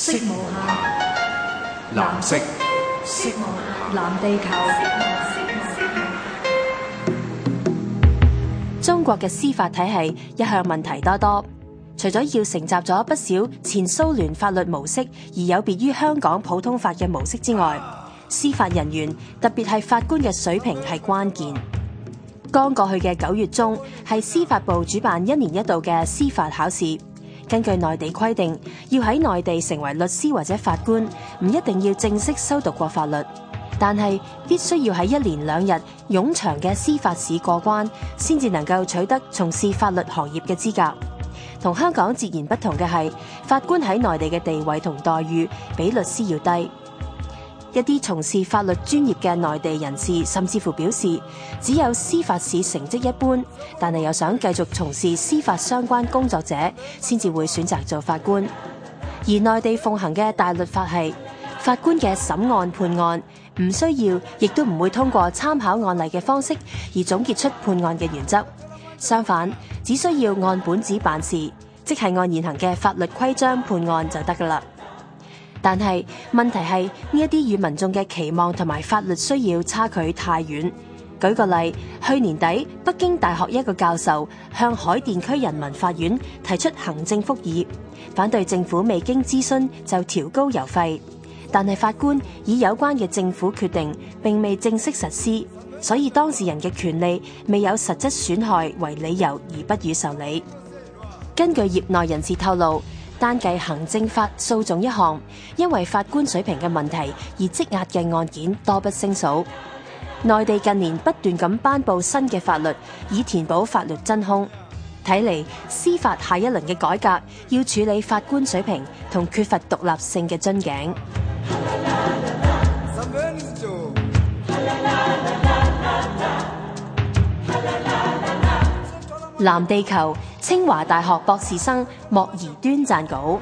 色無限，藍色，色，母藍色，色母，藍地球。中國嘅司法體系一向問題多多，除咗要承接咗不少前蘇聯法律模式而有別於香港普通法嘅模式之外，司法人員，特別係法官嘅水平係關鍵。剛過去嘅九月中，係司法部主辦一年一度嘅司法考試。根據內地規定，要喺內地成為律師或者法官，唔一定要正式修讀過法律，但係必須要喺一連兩日冗長嘅司法試過關，先至能夠取得從事法律行業嘅資格。同香港截然不同嘅係，法官喺內地嘅地位同待遇比律師要低。一啲從事法律專業嘅內地人士，甚至乎表示，只有司法試成績一般，但係又想繼續從事司法相關工作者，先至會選擇做法官。而內地奉行嘅大律法系，法官嘅審案判案唔需要，亦都唔會通過參考案例嘅方式而總結出判案嘅原則。相反，只需要按本子辦事，即係按現行嘅法律規章判案就得噶啦。但係問題係呢一啲與民眾嘅期望同埋法律需要差距太遠。舉個例，去年底，北京大學一個教授向海淀區人民法院提出行政復議，反對政府未經諮詢就調高油費。但係法官以有關嘅政府決定並未正式實施，所以當事人嘅權利未有實質損害為理由而不予受理。根據業內人士透露，單計行政法訴訟一項，因為法官水平嘅問題而積壓嘅案件多不勝數。內地近年不斷咁頒布新嘅法律，以填補法律真空。睇嚟司法下一輪嘅改革，要處理法官水平同缺乏獨立性嘅樽頸。藍地球，清華大學博士生莫宜端撰稿。